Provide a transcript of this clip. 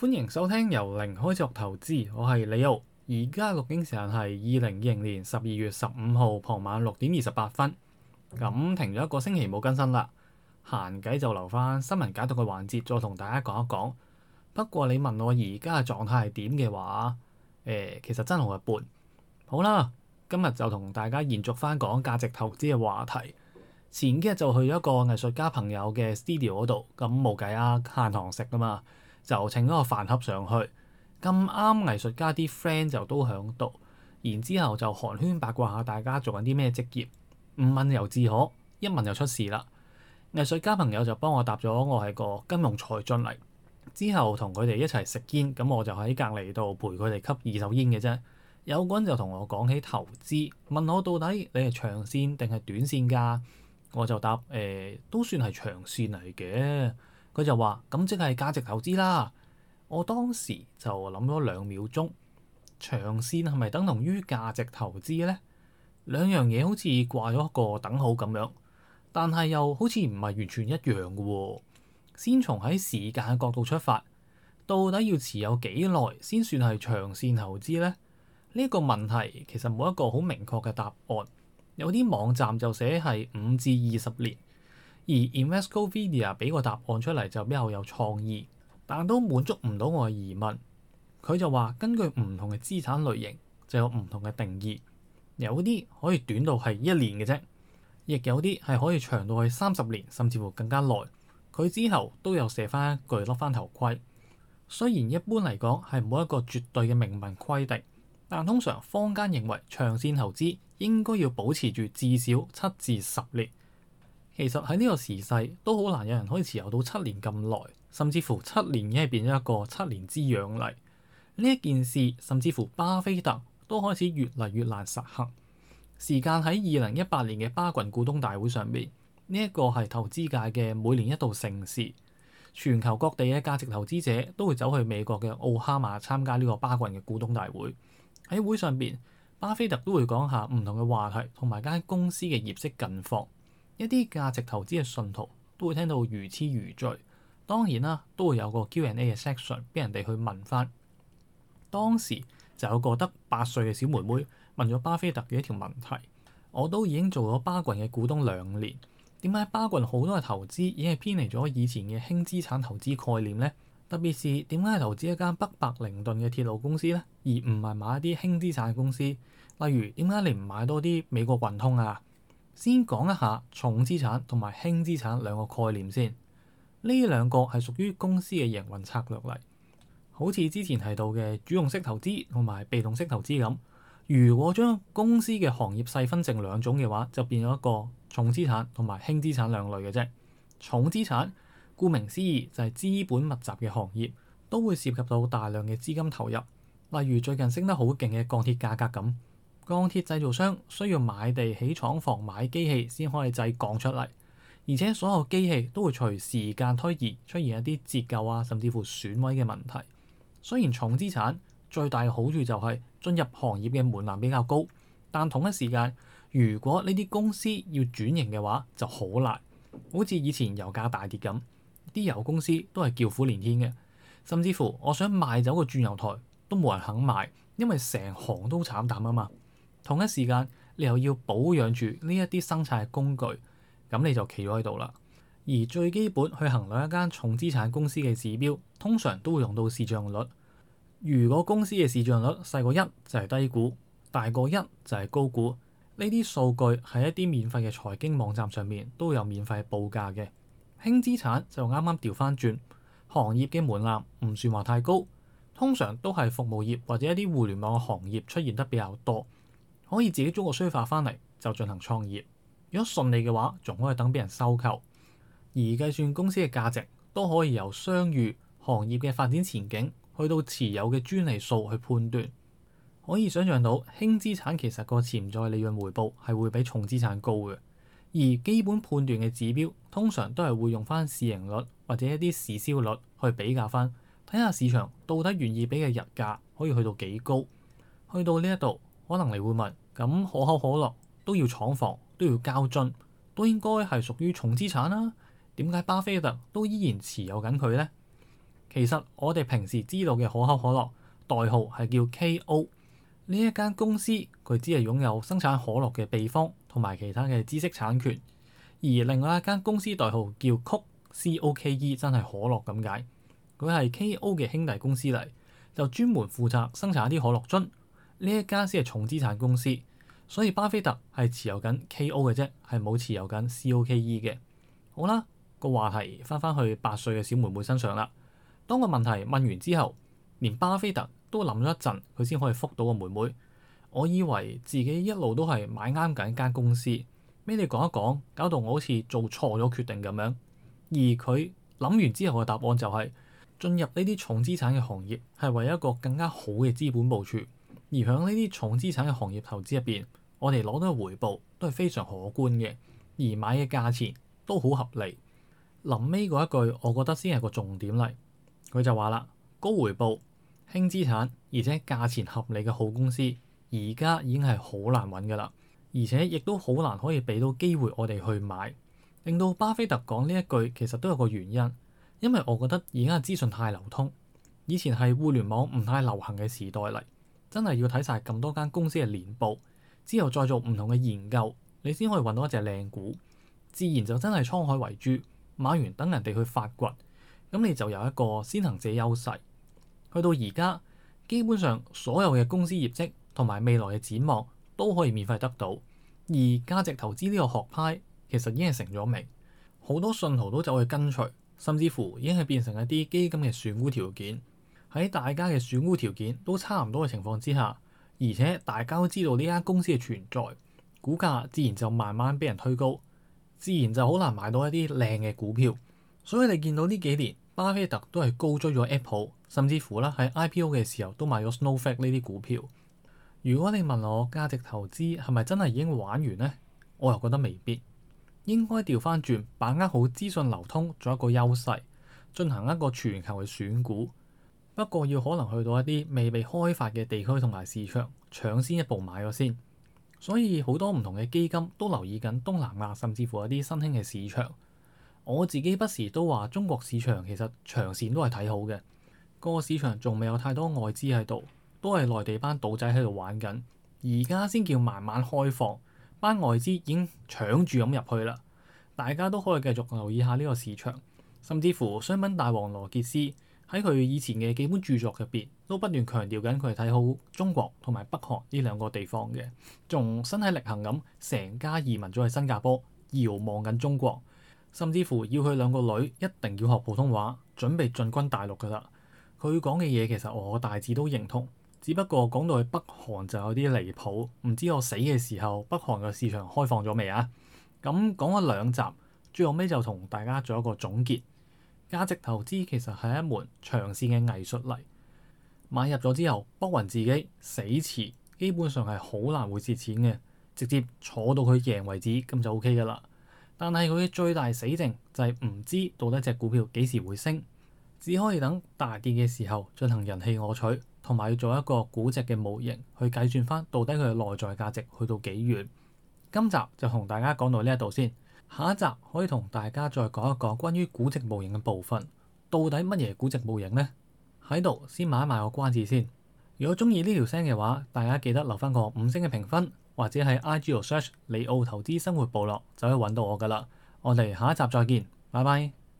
歡迎收聽由零開始學投資，我係李奧。而家嘅錄影時間係二零二零年十二月十五號傍晚六點二十八分。咁停咗一個星期冇更新啦，閒偈就留翻新聞解讀嘅環節，再同大家講一講。不過你問我而家嘅狀態係點嘅話，誒、呃，其實真係好一般。好啦，今日就同大家延續翻講價值投資嘅話題。前幾日就去咗一個藝術家朋友嘅 studio 嗰度，咁冇計啊，限堂食啊嘛。就請嗰個飯盒上去，咁啱藝術家啲 friend 就都響度，然之後就寒暄八卦下大家做緊啲咩職業，唔問猶自可，一問就出事啦。藝術家朋友就幫我答咗我係個金融才俊嚟，之後同佢哋一齊食煙，咁我就喺隔籬度陪佢哋吸二手煙嘅啫。有個人就同我講起投資，問我到底你係長線定係短線㗎？我就答誒、哎、都算係長線嚟嘅。佢就話：咁即係價值投資啦。我當時就諗咗兩秒鐘，長線係咪等同於價值投資呢？兩樣嘢好似掛咗個等號咁樣，但係又好似唔係完全一樣嘅喎。先從喺時間嘅角度出發，到底要持有幾耐先算係長線投資呢？呢、呢個問題其實冇一個好明確嘅答案。有啲網站就寫係五至二十年。而 Investopedia 俾個答案出嚟就比較有創意，但都滿足唔到我嘅疑問。佢就話，根據唔同嘅資產類型就有唔同嘅定義，有啲可以短到係一年嘅啫，亦有啲係可以長到係三十年甚至乎更加耐。佢之後都有寫翻一句甩翻頭盔，雖然一般嚟講係冇一個絕對嘅明文規定，但通常坊間認為長線投資應該要保持住至少七至十年。其實喺呢個時勢都好難，有人可以持有到七年咁耐，甚至乎七年已經係變咗一個七年之癢嚟呢一件事，甚至乎巴菲特都開始越嚟越難實行。時間喺二零一八年嘅巴郡股東大會上邊，呢、這、一個係投資界嘅每年一度盛事，全球各地嘅價值投資者都會走去美國嘅奧哈馬參加呢個巴郡嘅股東大會，喺會上邊，巴菲特都會講下唔同嘅話題同埋間公司嘅業績近況。一啲價值投資嘅信徒都會聽到如痴如醉，當然啦，都會有個 Q and A 嘅 section 俾人哋去問翻。當時就有個得八歲嘅小妹妹問咗巴菲特嘅一條問題：我都已經做咗巴郡嘅股東兩年，點解巴郡好多嘅投資已經係偏離咗以前嘅輕資產投資概念呢？特別是點解投資一間北伯靈頓嘅鐵路公司呢？而唔係買一啲輕資產嘅公司？例如點解你唔買多啲美國運通啊？先講一下重資產同埋輕資產兩個概念先，呢兩個係屬於公司嘅營運策略嚟。好似之前提到嘅主動式投資同埋被動式投資咁，如果將公司嘅行業細分成兩種嘅話，就變咗一個重資產同埋輕資產兩類嘅啫。重資產，顧名思義就係資本密集嘅行業，都會涉及到大量嘅資金投入，例如最近升得好勁嘅鋼鐵價格咁。鋼鐵製造商需要買地起廠房、買機器先可以製鋼出嚟，而且所有機器都會隨時間推移出現一啲折舊啊，甚至乎損毀嘅問題。雖然重資產最大嘅好處就係進入行業嘅門檻比較高，但同一時間，如果呢啲公司要轉型嘅話就好難。好似以前油價大跌咁，啲油公司都係叫苦連天嘅，甚至乎我想賣走個轉油台都冇人肯買，因為成行都慘淡啊嘛。同一時間，你又要保養住呢一啲生產工具，咁你就企咗喺度啦。而最基本去衡量一間重資產公司嘅指標，通常都會用到市賬率。如果公司嘅市賬率細過一就係低估，大過一就係高估。呢啲數據喺一啲免費嘅財經網站上面都有免費報價嘅。輕資產就啱啱調翻轉，行業嘅門檻唔算話太高，通常都係服務業或者一啲互聯網嘅行業出現得比較多。可以自己租個衰化翻嚟就進行創業，如果順利嘅話，仲可以等俾人收購。而計算公司嘅價值，都可以由商譽、行業嘅發展前景，去到持有嘅專利數去判斷。可以想像到輕資產其實個潛在利潤回報係會比重資產高嘅。而基本判斷嘅指標，通常都係會用翻市盈率或者一啲市銷率去比較翻，睇下市場到底願意俾嘅日價可以去到幾高。去到呢一度，可能你會問：咁可口可樂都要廠房，都要膠樽，都應該係屬於重資產啦。點解巴菲特都依然持有緊佢呢？其實我哋平時知道嘅可口可樂代號係叫 KO，呢一間公司佢只係擁有生產可樂嘅秘方同埋其他嘅知識產權。而另外一間公司代號叫 Coke，C-O-K-E，真係可樂咁解，佢係 KO 嘅兄弟公司嚟，就專門負責生產啲可樂樽。呢一間先係重資產公司，所以巴菲特係持有緊 K.O. 嘅啫，係冇持有緊 C.O.K.E. 嘅。好啦，個話題返返去八歲嘅小妹妹身上啦。當個問題問完之後，連巴菲特都諗咗一陣，佢先可以覆到個妹妹。我以為自己一路都係買啱緊一間公司，咩你講一講，搞到我好似做錯咗決定咁樣。而佢諗完之後嘅答案就係、是、進入呢啲重資產嘅行業係為一個更加好嘅資本部署。而喺呢啲重資產嘅行業投資入邊，我哋攞到嘅回報都係非常可觀嘅，而買嘅價錢都好合理。臨尾嗰一句，我覺得先係個重點嚟。佢就話啦：高回報、輕資產，而且價錢合理嘅好公司，而家已經係好難揾㗎啦。而且亦都好難可以俾到機會我哋去買，令到巴菲特講呢一句其實都有個原因，因為我覺得而家嘅資訊太流通，以前係互聯網唔太流行嘅時代嚟。真係要睇晒咁多間公司嘅年報之後，再做唔同嘅研究，你先可以揾到一隻靚股。自然就真係滄海遺珠，買完等人哋去發掘，咁你就有一個先行者優勢。去到而家，基本上所有嘅公司業績同埋未來嘅展望都可以免費得到，而價值投資呢個學派其實已經係成咗名，好多信徒都走去跟隨，甚至乎已經係變成一啲基金嘅選股條件。喺大家嘅選股條件都差唔多嘅情況之下，而且大家都知道呢間公司嘅存在，股價自然就慢慢俾人推高，自然就好難買到一啲靚嘅股票。所以你見到呢幾年巴菲特都係高追咗 Apple，甚至乎啦喺 IPO 嘅時候都買咗 Snowflake 呢啲股票。如果你問我價值投資係咪真係已經玩完呢？我又覺得未必，應該調返轉，把握好資訊流通做一個優勢，進行一個全球嘅選股。不過要可能去到一啲未被開發嘅地區同埋市場，搶先一步買咗先。所以好多唔同嘅基金都留意緊東南亞，甚至乎一啲新興嘅市場。我自己不時都話中國市場其實長線都係睇好嘅。個市場仲未有太多外資喺度，都係內地班賭仔喺度玩緊。而家先叫慢慢開放，班外資已經搶住咁入去啦。大家都可以繼續留意下呢個市場，甚至乎商品大王羅傑斯。喺佢以前嘅幾本著作入邊，都不斷強調緊佢係睇好中國同埋北韓呢兩個地方嘅，仲身體力行咁成家移民咗去新加坡，遙望緊中國，甚至乎要佢兩個女一定要學普通話，準備進軍大陸㗎啦。佢講嘅嘢其實我大致都認同，只不過講到去北韓就有啲離譜，唔知我死嘅時候北韓嘅市場開放咗未啊？咁講咗兩集，最後尾就同大家做一個總結。價值投資其實係一門長線嘅藝術嚟，買入咗之後，搏暈自己死蝕，基本上係好難會蝕錢嘅，直接坐到佢贏為止咁就 OK 噶啦。但係佢嘅最大死症就係唔知到底隻股票幾時會升，只可以等大跌嘅時候進行人棄我取，同埋要做一個估值嘅模型去計算返到底佢嘅內在價值去到幾遠。今集就同大家講到呢一度先。下一集可以同大家再講一講，關於估值模型嘅部分，到底乜嘢估值模型呢？喺度先買一買個關子先。如果鍾意呢條聲嘅話，大家記得留翻個五星嘅評分，或者喺 I G 或 Search 里奧投資生活部落就可以揾到我噶啦。我哋下一集再見，拜拜。